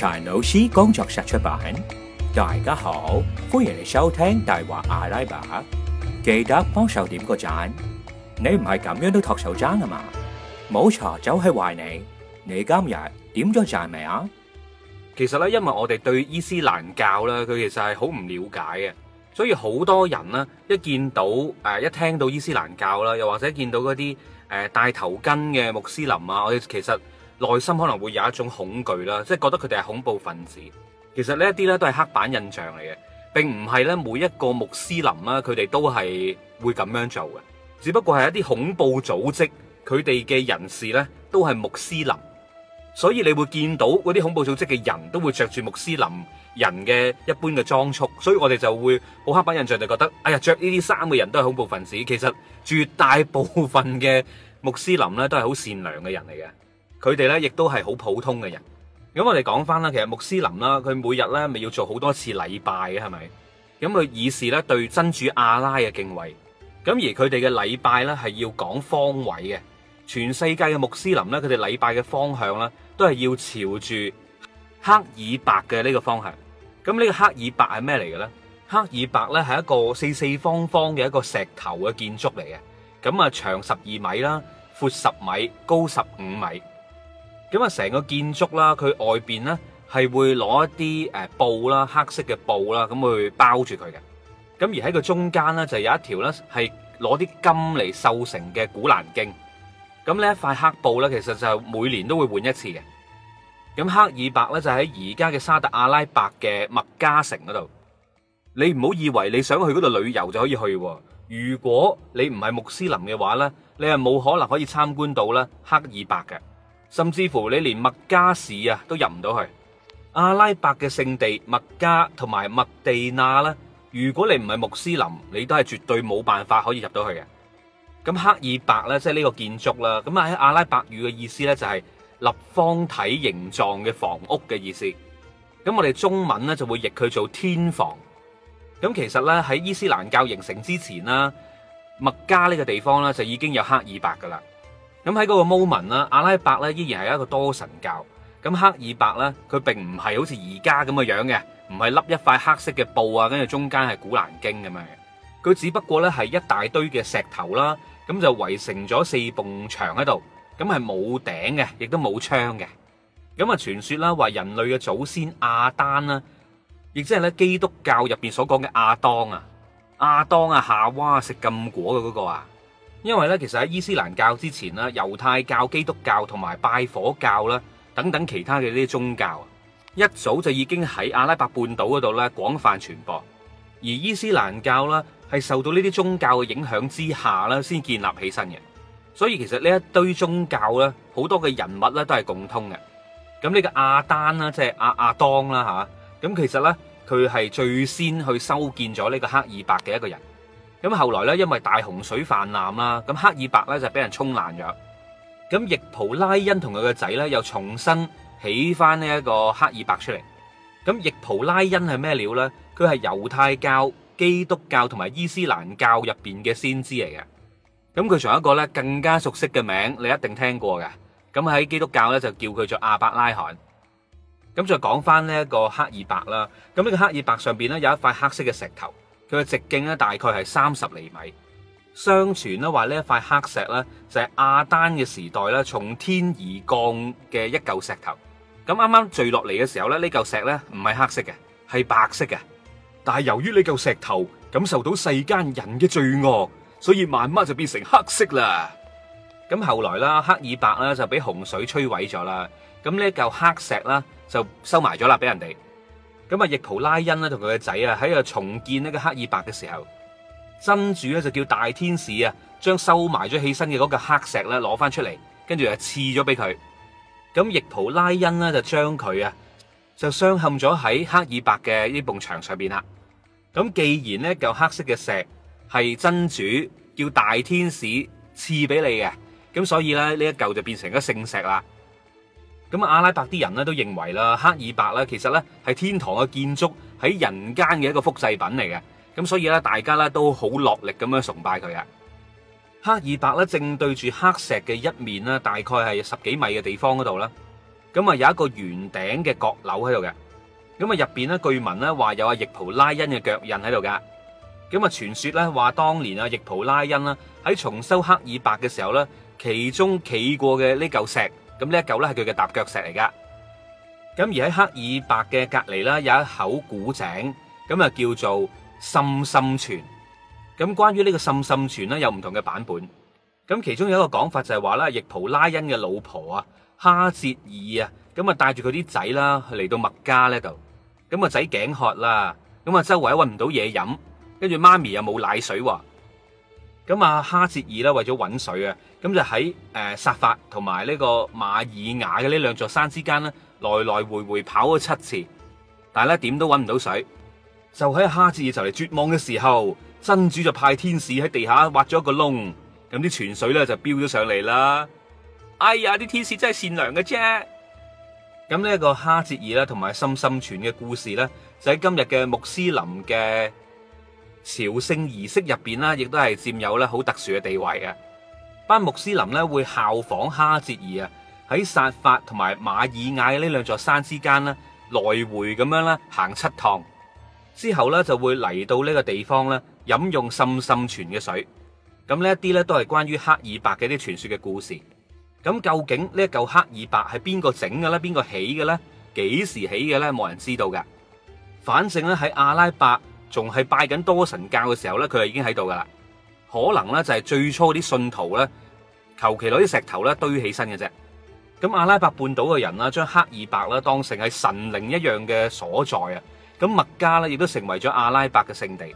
柴老師工作室出版。大家好，歡迎收聽《大話阿拉伯》。記得幫手點個讚，你唔係咁樣都托手踭啊嘛？冇茶酒係壞你。你今日點咗讚未啊？其實咧，因為我哋對伊斯蘭教咧，佢其實係好唔了解嘅，所以好多人呢，一見到誒，一聽到伊斯蘭教啦，又或者見到嗰啲誒戴頭巾嘅穆斯林啊，我哋其實～內心可能會有一種恐懼啦，即係覺得佢哋係恐怖分子。其實呢一啲呢都係刻板印象嚟嘅，並唔係呢每一個穆斯林啦，佢哋都係會咁樣做嘅。只不過係一啲恐怖組織，佢哋嘅人士呢都係穆斯林，所以你會見到嗰啲恐怖組織嘅人都會着住穆斯林人嘅一般嘅裝束，所以我哋就會好刻板印象就覺得，哎呀，着呢啲衫嘅人都係恐怖分子。其實絕大部分嘅穆斯林呢，都係好善良嘅人嚟嘅。佢哋咧亦都係好普通嘅人。咁我哋講翻啦，其實穆斯林啦，佢每日咧咪要做好多次禮拜嘅，係咪？咁佢以示咧對真主阿拉嘅敬畏。咁而佢哋嘅禮拜咧係要講方位嘅。全世界嘅穆斯林咧，佢哋禮拜嘅方向咧都係要朝住克爾白嘅呢個方向。咁呢個克爾白係咩嚟嘅咧？克爾白咧係一個四四方方嘅一個石頭嘅建築嚟嘅。咁啊，長十二米啦，闊十米，高十五米。咁啊！成個建築啦，佢外邊咧係會攞一啲誒布啦，黑色嘅布啦，咁去包住佢嘅。咁而喺個中間咧就有一條咧係攞啲金嚟繡成嘅古蘭經。咁呢一塊黑布咧，其實就每年都會換一次嘅。咁克爾白咧就喺而家嘅沙特阿拉伯嘅麥加城嗰度。你唔好以為你想去嗰度旅遊就可以去。如果你唔係穆斯林嘅話咧，你係冇可能可以參觀到啦克爾白嘅。甚至乎你連麥加市啊都入唔到去，阿拉伯嘅聖地麥加同埋麥地那啦。如果你唔係穆斯林，你都係絕對冇辦法可以入到去嘅。咁克爾白咧，即係呢個建築啦。咁喺阿拉伯語嘅意思咧，就係立方體形狀嘅房屋嘅意思。咁我哋中文咧就會譯佢做天房。咁其實咧喺伊斯蘭教形成之前啦，麥加呢個地方咧就已經有克爾白噶啦。咁喺嗰個 moment 啦，阿拉伯咧依然係一個多神教。咁克爾白咧，佢並唔係好似而家咁嘅樣嘅，唔係笠一塊黑色嘅布啊，跟住中間係古蘭經咁樣嘅。佢只不過咧係一大堆嘅石頭啦，咁就圍成咗四埲牆喺度，咁係冇頂嘅，亦都冇窗嘅。咁啊，傳說啦，話人類嘅祖先阿丹啦，亦即係咧基督教入邊所講嘅亞當啊，亞當啊夏娃啊食禁果嘅嗰個啊。因為咧，其實喺伊斯蘭教之前啦，猶太教、基督教同埋拜火教啦，等等其他嘅呢啲宗教，一早就已經喺阿拉伯半島嗰度咧廣泛傳播。而伊斯蘭教啦，係受到呢啲宗教嘅影響之下啦，先建立起身嘅。所以其實呢一堆宗教咧，好多嘅人物咧都係共通嘅。咁呢個阿丹啦，即係阿阿當啦吓，咁其實咧佢係最先去修建咗呢個克爾白嘅一個人。咁後來咧，因為大洪水泛濫啦，咁克爾白咧就俾人沖爛咗。咁易普拉恩同佢個仔咧又重新起翻呢一個克爾白出嚟。咁易普拉恩係咩料咧？佢係猶太教、基督教同埋伊斯蘭教入邊嘅先知嚟嘅。咁佢仲有一個咧更加熟悉嘅名，你一定聽過嘅。咁喺基督教咧就叫佢做阿伯拉罕。咁再講翻呢一個克爾白啦。咁呢個克爾白上邊咧有一塊黑色嘅石頭。佢嘅直徑咧大概係三十厘米。相傳咧話呢一塊黑石呢，就係亞丹嘅時代咧從天而降嘅一嚿石頭。咁啱啱墜落嚟嘅時候呢，呢嚿石呢唔係黑色嘅，係白色嘅。但係由於呢嚿石頭感受到世間人嘅罪惡，所以慢慢就變成黑色啦。咁後來啦，克爾白呢就俾洪水摧毀咗啦。咁呢嚿黑石呢，就收埋咗啦俾人哋。咁啊，易卜拉欣咧同佢嘅仔啊，喺度重建呢個克爾白嘅時候，真主咧就叫大天使啊，將收埋咗起身嘅嗰個黑石咧攞翻出嚟，跟住啊賜咗俾佢。咁易卜拉欣呢就將佢啊就鑲嵌咗喺克爾白嘅呢埲牆上邊啦。咁既然呢嚿黑色嘅石係真主叫大天使賜俾你嘅，咁所以咧呢一嚿就變成咗聖石啦。咁啊，阿拉伯啲人咧都認為啦，克爾白咧其實咧係天堂嘅建築喺人間嘅一個複製品嚟嘅。咁所以咧，大家咧都好落力咁樣崇拜佢嘅。克爾白咧正對住黑石嘅一面啦，大概係十幾米嘅地方嗰度啦。咁啊，有一個圓頂嘅角樓喺度嘅。咁啊，入面咧據聞咧話有阿易普拉恩嘅腳印喺度噶。咁啊，傳說咧話當年阿易普拉恩啦喺重修克爾白嘅時候咧，其中企過嘅呢嚿石。咁呢一嚿咧係佢嘅踏腳石嚟噶，咁而喺克爾白嘅隔籬啦，有一口古井，咁啊叫做滲滲泉。咁關於呢個滲滲泉咧，有唔同嘅版本。咁其中有一個講法就係話咧，易卜拉欣嘅老婆啊，哈哲爾啊，咁啊帶住佢啲仔啦，嚟到麥加呢度，咁啊仔頸渴啦，咁啊周圍都搵唔到嘢飲，跟住媽咪又冇奶水喎。咁啊，哈哲爾咧為咗搵水啊，咁就喺誒薩法同埋呢個馬爾雅嘅呢兩座山之間咧，來來回回跑咗七次，但係咧點都搵唔到水。就喺哈哲爾就嚟絕望嘅時候，真主就派天使喺地下挖咗一個窿，咁啲泉水咧就飆咗上嚟啦。哎呀，啲天使真係善良嘅啫。咁呢一個哈哲爾啦同埋深深泉嘅故事咧，就喺今日嘅穆斯林嘅朝聖儀式入邊啦，亦都係佔有咧好特殊嘅地位嘅。班穆斯林呢，會效仿哈哲爾啊，喺薩法同埋馬耳雅呢兩座山之間呢，來回咁樣啦行七趟，之後呢，就會嚟到呢個地方咧飲用滲滲泉嘅水。咁呢一啲咧都係關於克爾白嘅啲傳說嘅故事。咁究竟呢一嚿克爾白係邊個整嘅咧？邊個起嘅咧？幾時起嘅咧？冇人知道㗎。反正咧喺阿拉伯，仲係拜緊多神教嘅時候咧，佢就已經喺度噶啦。可能咧就係最初啲信徒咧，求其攞啲石頭咧堆起身嘅啫。咁阿拉伯半島嘅人啦，將克爾白啦當成係神靈一樣嘅所在啊。咁麥加咧亦都成為咗阿拉伯嘅聖地。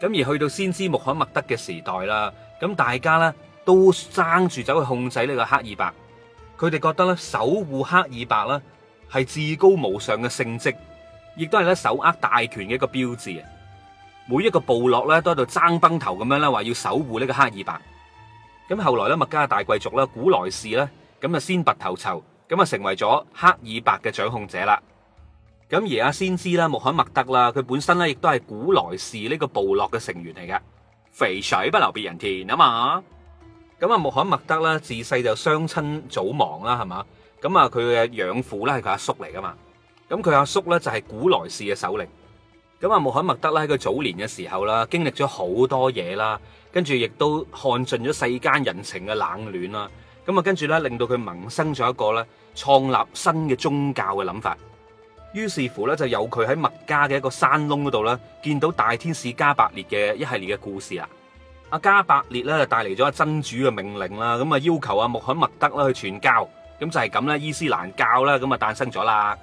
咁而去到先知穆罕默德嘅時代啦，咁大家咧都爭住走去控制呢個克爾白。佢哋覺得咧，守護克爾白咧係至高無上嘅聖職，亦都係咧手握大權嘅一個標誌啊。每一個部落咧都喺度爭崩頭咁樣啦，話要守護呢個克爾白。咁後來咧，麥加大貴族啦，古來士咧，咁就先拔頭籌，咁啊成為咗克爾白嘅掌控者啦。咁而阿先知啦，穆罕默德啦，佢本身咧亦都係古來士呢個部落嘅成員嚟嘅。肥水不流別人田啊嘛。咁啊，穆罕默德啦，自細就雙親早亡啦，係嘛？咁啊，佢嘅養父咧係佢阿叔嚟噶嘛。咁佢阿叔咧就係古來士嘅首領。咁啊，穆罕默德啦喺佢早年嘅時候啦，經歷咗好多嘢啦，跟住亦都看盡咗世間人情嘅冷暖啦。咁啊，跟住咧令到佢萌生咗一個咧創立新嘅宗教嘅諗法。於是乎咧，就有佢喺麥加嘅一個山窿嗰度咧，見到大天使加百列嘅一系列嘅故事啦。阿加百列咧帶嚟咗阿真主嘅命令啦，咁啊要求阿穆罕默德啦去傳教，咁就係咁啦，伊斯蘭教啦咁啊誕生咗啦。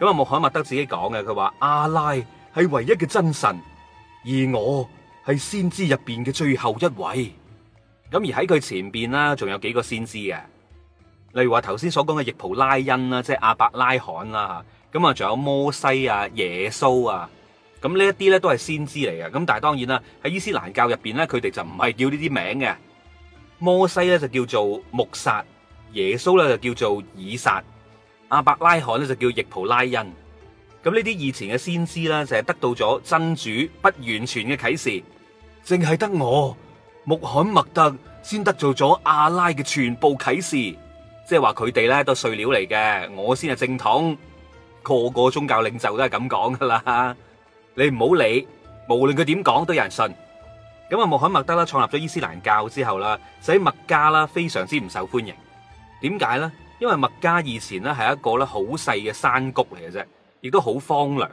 咁啊，穆罕默德自己講嘅，佢話阿拉係唯一嘅真神，而我係先知入邊嘅最後一位。咁而喺佢前邊啦，仲有幾個先知嘅，例如話頭先所講嘅易卜拉欣啦，即係阿伯拉罕啦吓，咁啊，仲有摩西啊、耶穌啊，咁呢一啲咧都係先知嚟嘅。咁但係當然啦，喺伊斯蘭教入邊咧，佢哋就唔係叫呢啲名嘅。摩西咧就叫做穆薩，耶穌咧就叫做以撒，阿伯拉罕咧就叫易卜拉欣。咁呢啲以前嘅先知啦，就係得到咗真主不完全嘅啟示，淨係得我穆罕默德先得做咗阿拉嘅全部啟示，即係話佢哋咧都碎料嚟嘅，我先係正統，個個宗教領袖都係咁講噶啦，你唔好理，無論佢點講都有人信。咁啊，穆罕默德啦創立咗伊斯蘭教之後啦，喺麥加啦非常之唔受歡迎。點解咧？因為麥加以前咧係一個咧好細嘅山谷嚟嘅啫。亦都好荒涼，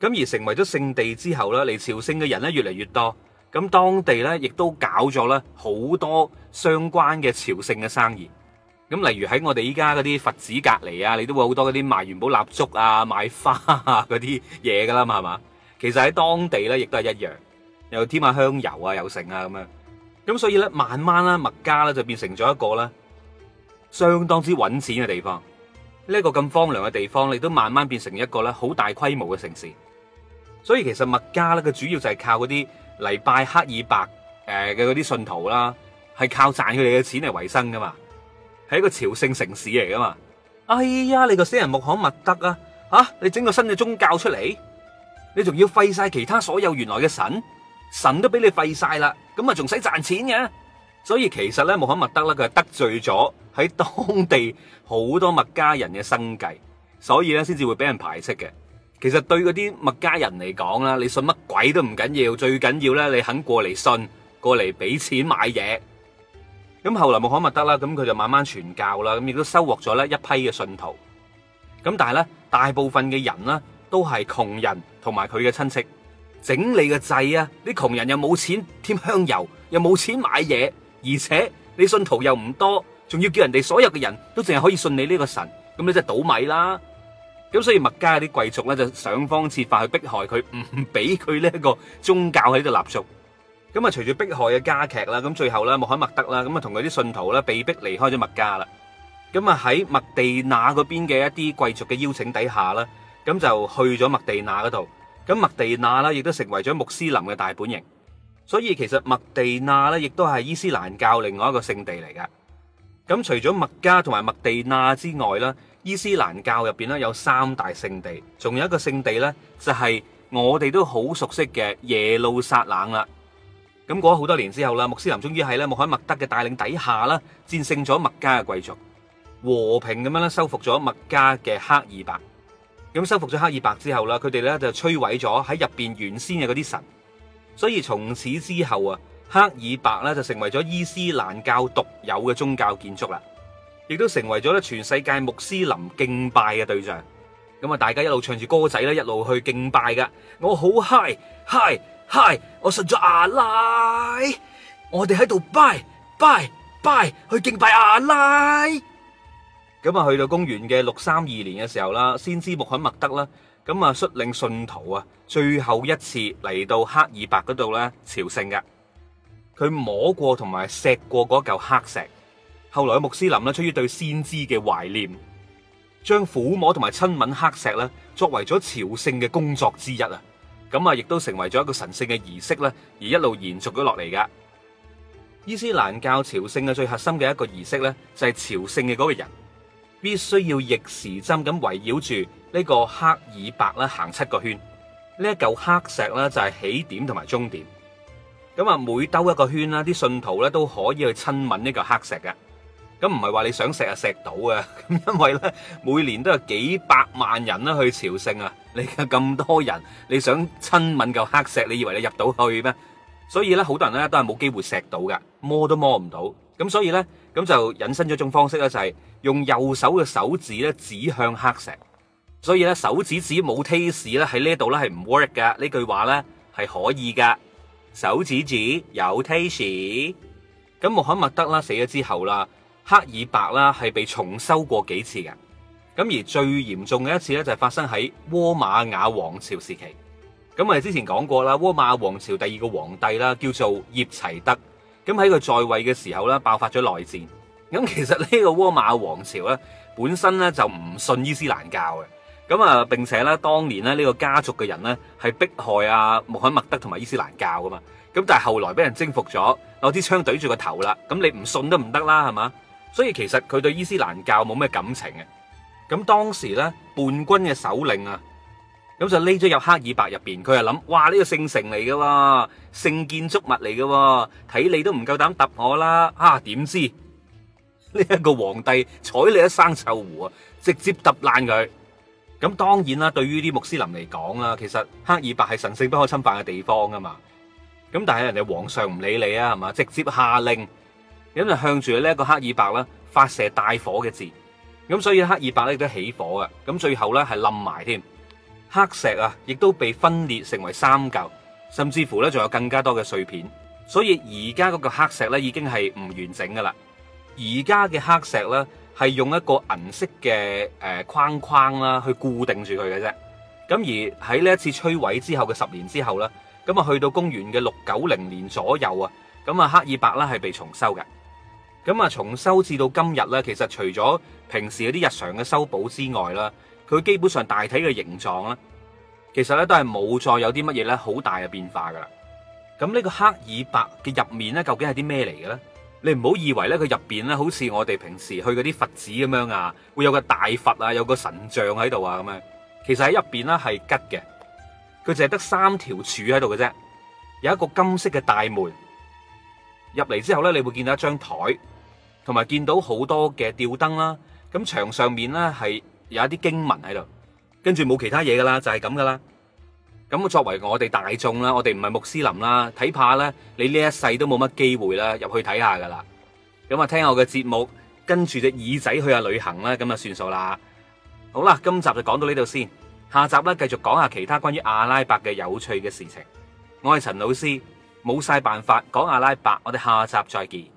咁而成為咗聖地之後咧，嚟朝聖嘅人咧越嚟越多，咁當地咧亦都搞咗咧好多相關嘅朝聖嘅生意，咁例如喺我哋依家嗰啲佛寺隔籬啊，你都會好多嗰啲賣元寶蠟燭啊、賣花啊嗰啲嘢噶啦嘛，係嘛？其實喺當地咧亦都係一樣，又添下香油啊、又剩啊咁樣，咁所以咧慢慢啦，麥加咧就變成咗一個咧相當之揾錢嘅地方。呢、這、一個咁荒涼嘅地方，你都慢慢變成一個咧好大規模嘅城市。所以其實麥加咧，佢主要就係靠嗰啲嚟拜克爾白誒嘅嗰啲信徒啦，係靠賺佢哋嘅錢嚟維生噶嘛。係一個朝聖城市嚟噶嘛。哎呀，你個死人穆罕默德啊！吓、啊，你整個新嘅宗教出嚟，你仲要廢晒其他所有原來嘅神，神都俾你廢晒啦。咁啊，仲使賺錢嘅？所以其實咧，穆罕默德咧佢係得罪咗喺當地好多麥加人嘅生計，所以咧先至會俾人排斥嘅。其實對嗰啲麥加人嚟講啦，你信乜鬼都唔緊要，最緊要咧你肯過嚟信，過嚟俾錢買嘢。咁後來穆罕默德啦，咁佢就慢慢傳教啦，咁亦都收穫咗咧一批嘅信徒。咁但係咧，大部分嘅人呢，都係窮人同埋佢嘅親戚，整理個掣啊！啲窮人又冇錢添香油，又冇錢買嘢。而且你信徒又唔多，仲要叫人哋所有嘅人都淨係可以信你呢個神，咁你真係倒米啦！咁所以麥加嗰啲貴族咧就想方設法去迫害佢，唔俾佢呢一個宗教喺呢度立足。咁啊，隨住迫害嘅加劇啦，咁最後啦，穆罕默德啦，咁啊同佢啲信徒啦被逼離開咗麥加啦。咁啊喺麥地那嗰邊嘅一啲貴族嘅邀請底下啦，咁就去咗麥地那嗰度。咁麥地那啦亦都成為咗穆斯林嘅大本營。所以其實麥地那咧，亦都係伊斯蘭教另外一個聖地嚟嘅。咁除咗麥加同埋麥地那之外啦，伊斯蘭教入邊咧有三大聖地，仲有一個聖地咧就係我哋都好熟悉嘅耶路撒冷啦。咁過咗好多年之後啦，穆斯林終於喺咧穆罕默德嘅帶領底下啦，戰勝咗麥加嘅貴族，和平咁樣咧收復咗麥加嘅黑爾白。咁收復咗黑爾白之後啦，佢哋咧就摧毀咗喺入邊原先嘅嗰啲神。所以從此之後啊，克爾白咧就成為咗伊斯蘭教獨有嘅宗教建築啦，亦都成為咗咧全世界穆斯林敬拜嘅對象。咁啊，大家一路唱住歌仔咧，一路去敬拜噶。我好嗨！嗨嗨，我信咗阿拉，我哋喺度拜拜拜拜，去敬拜阿拉。咁啊，去到公元嘅六三二年嘅時候啦，先知穆罕默德啦。咁啊，率領信徒啊，最後一次嚟到克爾白嗰度咧朝聖嘅，佢摸過同埋錫過嗰嚿黑石，後來穆斯林呢，出於對先知嘅懷念，將撫摸同埋親吻黑石咧，作為咗朝聖嘅工作之一啊，咁啊，亦都成為咗一個神聖嘅儀式咧，而一路延續咗落嚟噶。伊斯蘭教朝聖嘅最核心嘅一個儀式咧，就係朝聖嘅嗰個人。必須要逆時針咁圍繞住呢個克爾白啦行七個圈，呢一嚿黑石呢，就係起點同埋終點。咁啊，每兜一個圈啦，啲信徒咧都可以去親吻呢嚿黑石嘅。咁唔係話你想錫啊錫到嘅，咁因為咧每年都有幾百萬人啦去朝聖啊，你咁多人，你想親吻嚿黑石，你以為你入到去咩？所以咧，好多人咧都係冇機會錫到嘅，摸都摸唔到。咁所以咧。咁就引申咗一種方式咧，就係用右手嘅手指咧指向黑石，所以咧，手指指冇 taste 咧喺呢度咧係唔 work 噶。呢句話咧係可以噶，手指指有 taste。咁穆罕默德啦死咗之後啦，克爾白啦係被重修過幾次嘅。咁而最嚴重嘅一次咧就係發生喺倭馬亞王朝時期。咁我哋之前講過啦，倭馬亞王朝第二個皇帝啦叫做葉齊德。咁喺佢在位嘅時候咧，爆發咗內戰。咁其實呢個倭馬王朝咧，本身咧就唔信伊斯蘭教嘅。咁啊，並且咧，當年咧呢個家族嘅人咧係迫害啊穆罕默德同埋伊斯蘭教噶嘛。咁但係後來俾人征服咗，攞支槍懟住個頭啦。咁你唔信都唔得啦，係嘛？所以其實佢對伊斯蘭教冇咩感情嘅。咁當時咧，叛軍嘅首領啊。咁就匿咗入克爾白入邊，佢就諗，哇，呢個聖城嚟噶，聖建築物嚟噶，睇你都唔夠膽揼我啦！啊，點知呢一個皇帝睬你一生臭狐啊，直接揼爛佢。咁當然啦，對於啲穆斯林嚟講啦，其實克爾白係神聖不可侵犯嘅地方噶嘛。咁但係人哋皇上唔理你啊，係嘛，直接下令，咁就向住呢一個克爾白啦發射大火嘅箭。咁所以克爾白咧亦都起火嘅。咁最後咧係冧埋添。黑石啊，亦都被分裂成為三嚿，甚至乎呢仲有更加多嘅碎片。所以而家嗰個黑石呢，已經係唔完整噶啦。而家嘅黑石呢，係用一個銀色嘅，誒框框啦去固定住佢嘅啫。咁而喺呢一次摧毀之後嘅十年之後呢，咁啊去到公元嘅六九零年左右啊，咁啊克爾白呢係被重修嘅。咁啊重修至到今日呢，其實除咗平時嗰啲日常嘅修補之外啦。佢基本上大體嘅形狀咧，其實咧都係冇再有啲乜嘢咧好大嘅變化噶啦。咁呢個克爾白嘅入面咧，究竟係啲咩嚟嘅咧？你唔好以為咧佢入邊咧好似我哋平時去嗰啲佛寺咁樣啊，會有個大佛啊，有個神像喺度啊咁樣。其實喺入邊咧係吉嘅，佢淨係得三條柱喺度嘅啫，有一個金色嘅大門入嚟之後咧，你會見到一張台，同埋見到好多嘅吊燈啦。咁牆上面咧係，是有一啲經文喺度，跟住冇其他嘢噶啦，就係咁噶啦。咁作為我哋大衆啦，我哋唔係穆斯林啦，睇怕咧，你呢一世都冇乜機會啦，入去睇下噶啦。咁啊聽我嘅節目，跟住隻耳仔去下旅行啦，咁啊算數啦。好啦，今集就講到呢度先，下集咧繼續講下其他關於阿拉伯嘅有趣嘅事情。我係陳老師，冇晒辦法，講阿拉伯，我哋下集再見。